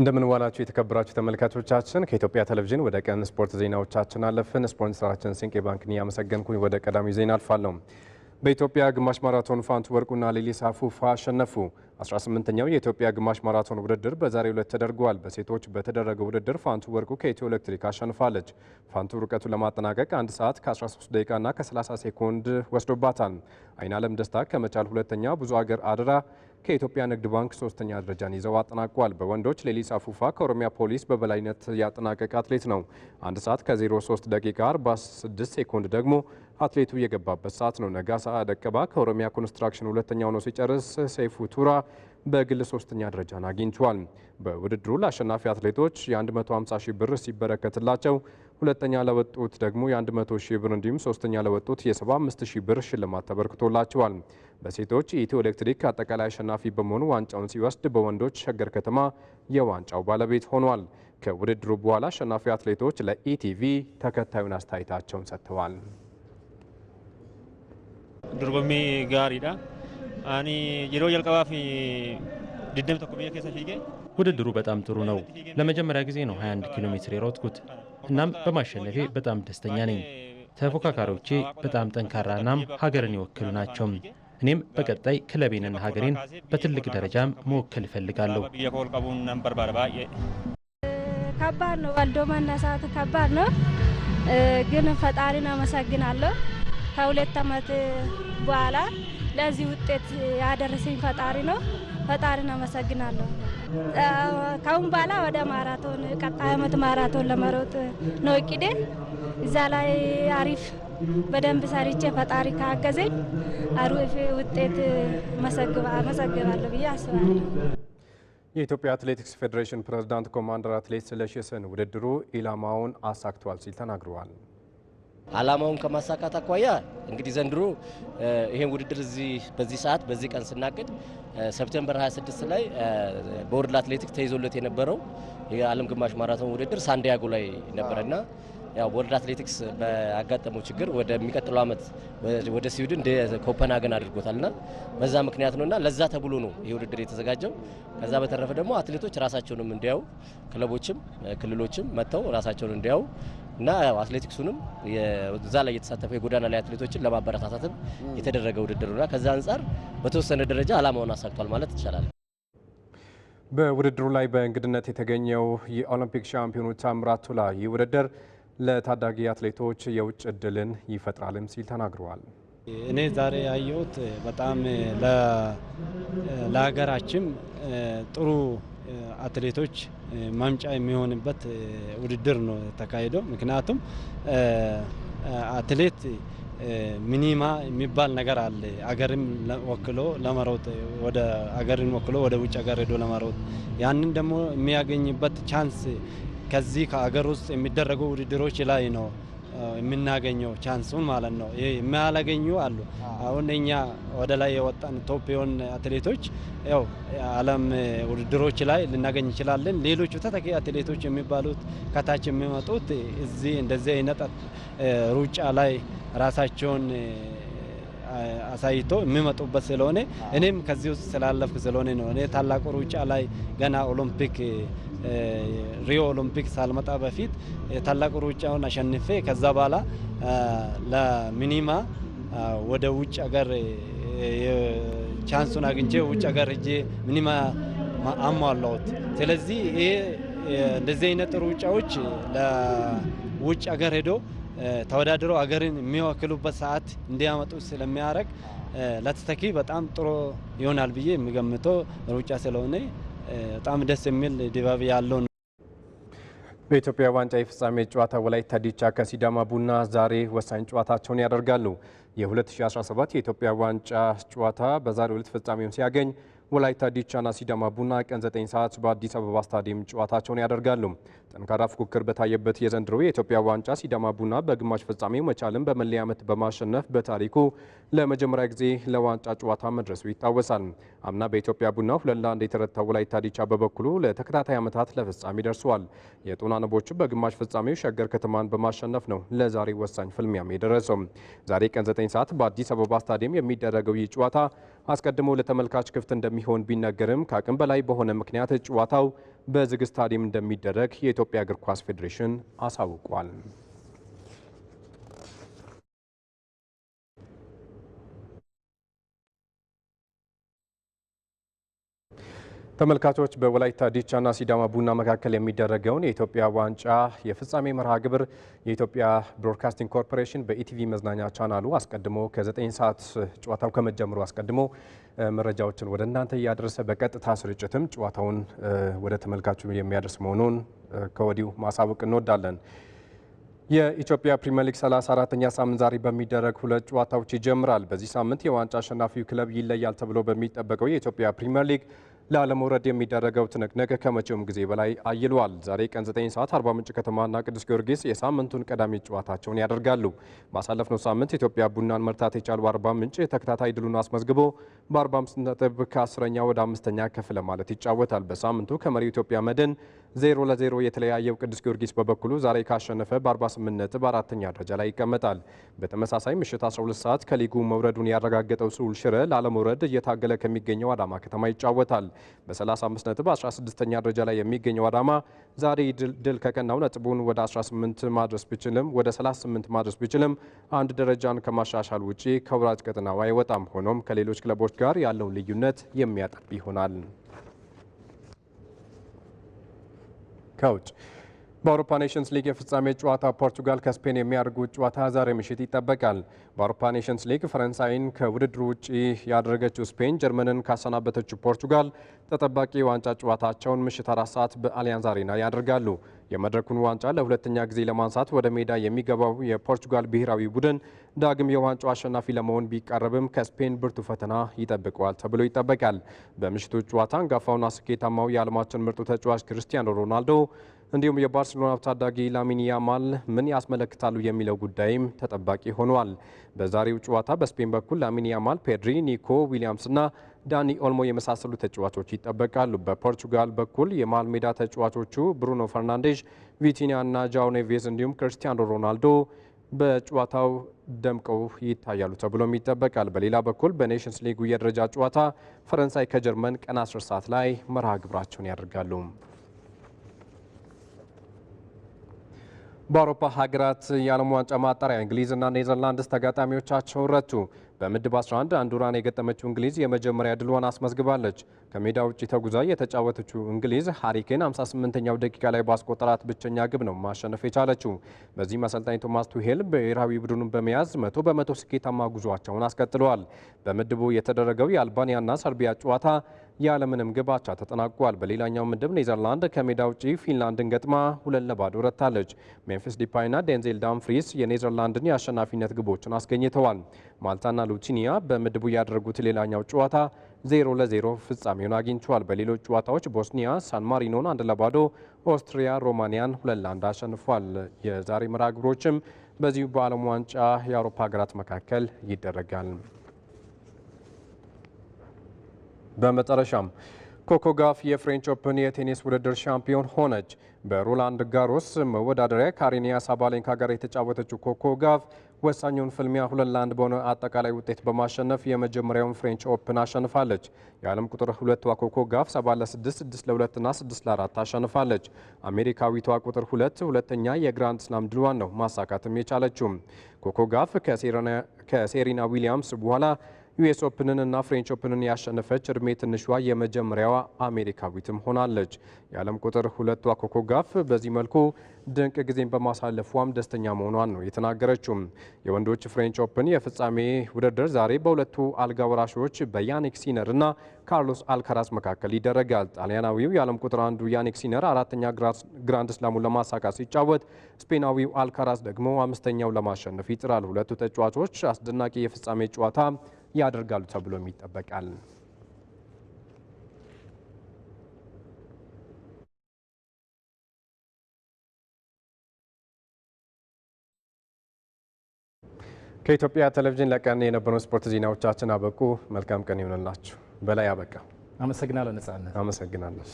እንደምንዋላችሁ የተከበራችሁ ተመልካቾቻችን፣ ከኢትዮጵያ ቴሌቪዥን ወደ ቀን ስፖርት ዜናዎቻችን አለፍን። ስፖንሰራችን ሲንቄ ባንክን እያመሰገንኩኝ ወደ ቀዳሚ ዜና አልፋለሁ። በኢትዮጵያ ግማሽ ማራቶን ፋንቱ ወርቁና ሌሊሳ ፉፋ አሸነፉ። 18ኛው የኢትዮጵያ ግማሽ ማራቶን ውድድር በዛሬው ዕለት ተደርጓል። በሴቶች በተደረገ ውድድር ፋንቱ ወርቁ ከኢትዮ ኤሌክትሪክ አሸንፋለች። ፋንቱ ርቀቱን ለማጠናቀቅ 1 ሰዓት ከ13 ደቂቃና ከ30 ሴኮንድ ወስዶባታል። አይናለም ደስታ ከመቻል ሁለተኛ፣ ብዙ አገር አድራ ከኢትዮጵያ ንግድ ባንክ ሶስተኛ ደረጃን ይዘው አጠናቋል። በወንዶች ሌሊሳ ፉፋ ከኦሮሚያ ፖሊስ በበላይነት ያጠናቀቀ አትሌት ነው። 1 ሰዓት ከ03 ደቂቃ 46 ሴኮንድ ደግሞ አትሌቱ የገባበት ሰዓት ነው። ነጋሳ ደቀባ ከኦሮሚያ ኮንስትራክሽን ሁለተኛ ሆኖ ሲጨርስ ሰይፉ ቱራ በግል ሶስተኛ ደረጃን አግኝቷል። በውድድሩ ለአሸናፊ አትሌቶች የ150 ሺህ ብር ሲበረከትላቸው ሁለተኛ ለወጡት ደግሞ የ100 ሺህ ብር እንዲሁም ሶስተኛ ለወጡት የ75 ሺህ ብር ሽልማት ተበርክቶላቸዋል። በሴቶች የኢትዮ ኤሌክትሪክ አጠቃላይ አሸናፊ በመሆኑ ዋንጫውን ሲወስድ፣ በወንዶች ሸገር ከተማ የዋንጫው ባለቤት ሆኗል። ከውድድሩ በኋላ አሸናፊ አትሌቶች ለኢቲቪ ተከታዩን አስተያየታቸውን ሰጥተዋል። dorgommii gaariidha. Ani yeroo jalqabaaf digdami tokko biyya keessa fiige ውድድሩ በጣም ጥሩ ነው። ለመጀመሪያ ጊዜ ነው 21 ኪሎ ሜትር የሮጥኩት። እናም በማሸነፌ በጣም ደስተኛ ነኝ። ተፎካካሪዎቼ በጣም ጠንካራ እናም ሀገርን ይወክሉ ናቸው። እኔም በቀጣይ ክለቤንና ሀገሬን በትልቅ ደረጃም መወከል እፈልጋለሁ። ከባድ ነው፣ ወልዶ መነሳት ከባድ ነው፣ ግን ፈጣሪን አመሰግናለሁ ከሁለት ዓመት በኋላ ለዚህ ውጤት ያደረሰኝ ፈጣሪ ነው። ፈጣሪን አመሰግናለሁ። ካሁን በኋላ ወደ ማራቶን ቀጣይ አመት ማራቶን ለመሮጥ ነው እቅዴ። እዛ ላይ አሪፍ በደንብ ሰርቼ ፈጣሪ ካገዘኝ አሪፍ ውጤት መሰግባለሁ ብዬ አስባለሁ። የኢትዮጵያ አትሌቲክስ ፌዴሬሽን ፕሬዝዳንት ኮማንደር አትሌት ስለሺ ስህን ውድድሩ ኢላማውን አሳክቷል ሲል ተናግረዋል። አላማውን ከማሳካት አኳያ እንግዲህ ዘንድሮ ይሄን ውድድር እዚህ በዚህ ሰዓት በዚህ ቀን ስናቅድ ሰፕቴምበር 26 ላይ በወርልድ አትሌቲክ ተይዞለት የነበረው የዓለም ግማሽ ማራቶን ውድድር ሳንዲያጎ ላይ ነበረና ያው ወርልድ አትሌቲክስ በአጋጠመው ችግር ወደሚቀጥለው ዓመት ወደ ስዊድን ኮፐንሃገን አድርጎታልና በዛ ምክንያት ነውና ለዛ ተብሎ ነው ይህ ውድድር የተዘጋጀው። ከዛ በተረፈ ደግሞ አትሌቶች ራሳቸውንም እንዲያው ክለቦችም ክልሎችም መጥተው ራሳቸውን እንዲያው እና አትሌቲክሱንም እዛ ላይ የተሳተፈ የጎዳና ላይ አትሌቶችን ለማበረታታትም የተደረገ ውድድር ነውና ከዛ አንጻር በተወሰነ ደረጃ ዓላማውን አሳክቷል ማለት ይቻላል። በውድድሩ ላይ በእንግድነት የተገኘው የኦሎምፒክ ሻምፒዮኑ ታምራት ቱላ ይህ ውድድር ለታዳጊ አትሌቶች የውጭ እድልን ይፈጥራልም ሲል ተናግረዋል። እኔ ዛሬ ያየሁት በጣም ለሀገራችን ጥሩ አትሌቶች ማምጫ የሚሆንበት ውድድር ነው ተካሂዶ። ምክንያቱም አትሌት ሚኒማ የሚባል ነገር አለ። አገርም ወክሎ ለመሮጥ ወደ አገርን ወክሎ ወደ ውጭ ሀገር ሄዶ ለመሮጥ ያንን ደግሞ የሚያገኝበት ቻንስ ከዚህ ከአገር ውስጥ የሚደረጉ ውድድሮች ላይ ነው የምናገኘው ቻንሱን ማለት ነው። ይሄ የማያላገኙ አሉ። አሁን እኛ ወደ ላይ የወጣን ቶፕ አትሌቶች ያው ዓለም ውድድሮች ላይ ልናገኝ እንችላለን። ሌሎቹ ተተኪ አትሌቶች የሚባሉት ከታች የሚመጡት እዚህ እንደዚህ አይነት ሩጫ ላይ ራሳቸውን አሳይቶ የሚመጡበት ስለሆነ እኔም ከዚህ ውስጥ ስላለፍኩ ስለሆነ ነው። እኔ ታላቁ ሩጫ ላይ ገና ኦሎምፒክ ሪዮ ኦሎምፒክ ሳልመጣ በፊት የታላቁ ሩጫውን አሸንፌ ከዛ በኋላ ለሚኒማ ወደ ውጭ ሀገር ቻንሱን አግኝቼ ውጭ ሀገር እጄ ሚኒማ አሟላሁት። ስለዚህ ይሄ እንደዚህ አይነት ሩጫዎች ለውጭ ሀገር ሄዶ ተወዳድረው ሀገርን የሚወክሉበት ሰዓት እንዲያመጡ ስለሚያደርግ ለተተኪ በጣም ጥሩ ይሆናል ብዬ የሚገምተው ሩጫ ስለሆነ በጣም ደስ የሚል ድባብ ያለው ነው። በኢትዮጵያ ዋንጫ የፍጻሜ ጨዋታ ወላይታ ዲቻ ከሲዳማ ቡና ዛሬ ወሳኝ ጨዋታቸውን ያደርጋሉ። የ2017 የኢትዮጵያ ዋንጫ ጨዋታ በዛሬው ዕለት ፍጻሜውን ሲያገኝ ወላይታ ዲቻና ሲዳማ ቡና ቀን 9 ሰዓት በአዲስ አበባ ስታዲየም ጨዋታቸውን ያደርጋሉ። ጠንካራ ፉክክር በታየበት የዘንድሮ የኢትዮጵያ ዋንጫ ሲዳማ ቡና በግማሽ ፍጻሜ መቻልን በመለያ ምት በማሸነፍ በታሪኩ ለመጀመሪያ ጊዜ ለዋንጫ ጨዋታ መድረሱ ይታወሳል። አምና በኢትዮጵያ ቡና ሁለት ለአንድ የተረታው ወላይታ ዲቻ በበኩሉ ለተከታታይ ዓመታት ለፍጻሜ ደርሰዋል። የጦና ንቦቹ በግማሽ ፍጻሜው ሸገር ከተማን በማሸነፍ ነው ለዛሬ ወሳኝ ፍልሚያም የደረሰው። ዛሬ ቀን 9 ሰዓት በአዲስ አበባ ስታዲየም የሚደረገው ይህ ጨዋታ አስቀድሞ ለተመልካች ክፍት እንደሚሆን ቢነገርም ከአቅም በላይ በሆነ ምክንያት ጨዋታው በዝግ ስታዲየም እንደሚደረግ የኢትዮጵያ እግር ኳስ ፌዴሬሽን አሳውቋል። ተመልካቾች በወላይታ ዲቻና ሲዳማ ቡና መካከል የሚደረገውን የኢትዮጵያ ዋንጫ የፍጻሜ መርሃ ግብር የኢትዮጵያ ብሮድካስቲንግ ኮርፖሬሽን በኢቲቪ መዝናኛ ቻናሉ አስቀድሞ ከ9 ሰዓት ጨዋታው ከመጀመሩ አስቀድሞ መረጃዎችን ወደ እናንተ እያደረሰ በቀጥታ ስርጭትም ጨዋታውን ወደ ተመልካቹ የሚያደርስ መሆኑን ከወዲሁ ማሳወቅ እንወዳለን። የኢትዮጵያ ፕሪሚየር ሊግ 34ኛ ሳምንት ዛሬ በሚደረግ ሁለት ጨዋታዎች ይጀምራል። በዚህ ሳምንት የዋንጫ አሸናፊው ክለብ ይለያል ተብሎ በሚጠበቀው የኢትዮጵያ ፕሪሚየር ሊግ ለአለመውረድ የሚደረገው ትንቅንቅ ከመቼውም ጊዜ በላይ አይሏል። ዛሬ ቀን 9 ሰዓት አርባ ምንጭ ከተማና ቅዱስ ጊዮርጊስ የሳምንቱን ቀዳሚ ጨዋታቸውን ያደርጋሉ። ባሳለፍነው ሳምንት ኢትዮጵያ ቡናን መርታት የቻሉ አርባ ምንጭ ተከታታይ ድሉን አስመዝግቦ በ45 ነጥብ ከ 1 ኛ ወደ አምስተኛ ከፍ ለማለት ይጫወታል። በሳምንቱ ከመሪው ኢትዮጵያ መድን 0 ለ0 የተለያየው ቅዱስ ጊዮርጊስ በበኩሉ ዛሬ ካሸነፈ በ48 ነጥብ አራተኛ ደረጃ ላይ ይቀመጣል። በተመሳሳይ ምሽት 12 ሰዓት ከሊጉ መውረዱን ያረጋገጠው ስውል ሽረ ላለመውረድ እየታገለ ከሚገኘው አዳማ ከተማ ይጫወታል። በ35 ነጥብ 16ኛ ደረጃ ላይ የሚገኘው አዳማ ዛሬ ድል ከቀናው ነጥቡን ወደ 18 ማድረስ ቢችልም ወደ 38 ማድረስ ቢችልም አንድ ደረጃን ከማሻሻል ውጪ ከውራጅ ቀጠናው አይወጣም። ሆኖም ከሌሎች ክለቦች ጋር ያለውን ልዩነት የሚያጠብ ይሆናል። ከውጭ በአውሮፓ ኔሽንስ ሊግ የፍጻሜ ጨዋታ ፖርቱጋል ከስፔን የሚያደርጉት ጨዋታ ዛሬ ምሽት ይጠበቃል። በአውሮፓ ኔሽንስ ሊግ ፈረንሳይን ከውድድሩ ውጪ ያደረገችው ስፔን ጀርመንን ካሰናበተችው ፖርቱጋል ተጠባቂ የዋንጫ ጨዋታቸውን ምሽት አራት ሰዓት በአሊያንዝ አሬና ያደርጋሉ። የመድረኩን ዋንጫ ለሁለተኛ ጊዜ ለማንሳት ወደ ሜዳ የሚገባው የፖርቱጋል ብሔራዊ ቡድን ዳግም የዋንጫው አሸናፊ ለመሆን ቢቀረብም ከስፔን ብርቱ ፈተና ይጠብቀዋል ተብሎ ይጠበቃል። በምሽቱ ጨዋታ አንጋፋውና ስኬታማው የዓለማችን ምርጡ ተጫዋች ክርስቲያኖ ሮናልዶ እንዲሁም የባርሴሎና ታዳጊ ላሚን ያማል ምን ያስመለክታሉ የሚለው ጉዳይም ተጠባቂ ሆኗል። በዛሬው ጨዋታ በስፔን በኩል ላሚን ያማል፣ ፔድሪ፣ ኒኮ ዊሊያምስና ዳኒ ኦልሞ የመሳሰሉ ተጫዋቾች ይጠበቃሉ። በፖርቱጋል በኩል የመሃል ሜዳ ተጫዋቾቹ ብሩኖ ፈርናንዴዥ፣ ቪቲኒያና ጃው ኔቬዝ እንዲሁም ክርስቲያኖ ሮናልዶ በጨዋታው ደምቀው ይታያሉ ተብሎም ይጠበቃል። በሌላ በኩል በኔሽንስ ሊጉ የደረጃ ጨዋታ ፈረንሳይ ከጀርመን ቀን 10 ሰዓት ላይ መርሃ ግብራቸውን ያደርጋሉ። በአውሮፓ ሀገራት የዓለም ዋንጫ ማጣሪያ እንግሊዝና ኔዘርላንድስ ተጋጣሚዎቻቸውን ረቱ። በምድብ 11 አንዱራን የገጠመችው እንግሊዝ የመጀመሪያ ድልዋን አስመዝግባለች። ከሜዳ ውጭ ተጉዛ የተጫወተችው እንግሊዝ ሃሪኬን 58ኛው ደቂቃ ላይ ባስቆጠራት ብቸኛ ግብ ነው ማሸነፍ የቻለችው። በዚህም አሰልጣኝ ቶማስ ቱሄል ብሔራዊ ቡድኑን በመያዝ መቶ በመቶ ስኬታማ ጉዟቸውን አስቀጥለዋል። በምድቡ የተደረገው የአልባኒያና ሰርቢያ ጨዋታ ያለምንም ግብ አቻ ተጠናቋል። በሌላኛው ምድብ ኔዘርላንድ ከሜዳ ውጪ ፊንላንድን ገጥማ ሁለት ለባዶ ረታለች። ሜምፊስ ዲፓይና ዴንዜል ዳምፍሪስ የኔዘርላንድን የአሸናፊነት ግቦችን አስገኝተዋል። ማልታና ሉቲኒያ በምድቡ ያደረጉት ሌላኛው ጨዋታ ዜሮ ለዜሮ ፍጻሜውን አግኝቸዋል። በሌሎች ጨዋታዎች ቦስኒያ ሳን ማሪኖን አንድ ለባዶ፣ ኦስትሪያ ሮማኒያን ሁለት ለአንድ አሸንፏል። የዛሬ መርሃ ግብሮችም በዚሁ በዓለም ዋንጫ የአውሮፓ ሀገራት መካከል ይደረጋል። በመጨረሻም ኮኮ ጋፍ የፍሬንች ኦፕን የቴኒስ ውድድር ሻምፒዮን ሆነች። በሮላንድ ጋሮስ መወዳደሪያ ካሪኒያ ሳባሌንካ ጋር የተጫወተችው ኮኮ ጋፍ ወሳኙን ፍልሚያ ሁለት ለአንድ በሆነ አጠቃላይ ውጤት በማሸነፍ የመጀመሪያውን ፍሬንች ኦፕን አሸንፋለች። የዓለም ቁጥር ሁለቷ ኮኮ ጋፍ 7 ለ6፣ 6 ለ2 እና 6 ለ4 አሸንፋለች። አሜሪካዊቷ ቁጥር ሁለት ሁለተኛ የግራንድ ስላም ድሏን ነው ማሳካትም የቻለችውም። ኮኮ ጋፍ ከሴሪና ዊሊያምስ በኋላ ዩኤስ ኦፕንን እና ፍሬንች ኦፕንን ያሸነፈች እድሜ ትንሿ የመጀመሪያዋ አሜሪካዊትም ሆናለች። የዓለም ቁጥር ሁለቷ ኮኮ ጋፍ በዚህ መልኩ ድንቅ ጊዜን በማሳለፏም ደስተኛ መሆኗን ነው የተናገረችው። የወንዶች ፍሬንች ኦፕን የፍጻሜ ውድድር ዛሬ በሁለቱ አልጋ ወራሾች በያኒክ ሲነር እና ካርሎስ አልካራስ መካከል ይደረጋል። ጣሊያናዊው የዓለም ቁጥር አንዱ ያኒክ ሲነር አራተኛ ግራንድ ስላሙን ለማሳካት ሲጫወት፣ ስፔናዊው አልካራስ ደግሞ አምስተኛው ለማሸነፍ ይጥራል። ሁለቱ ተጫዋቾች አስደናቂ የፍጻሜ ጨዋታ ያደርጋሉ ተብሎም ይጠበቃል። ከኢትዮጵያ ቴሌቪዥን ለቀን የነበረውን ስፖርት ዜናዎቻችን አበቁ። መልካም ቀን ይሆንላችሁ። በላይ አበቃ። አመሰግናለሁ ነጻነት። አመሰግናለሁ።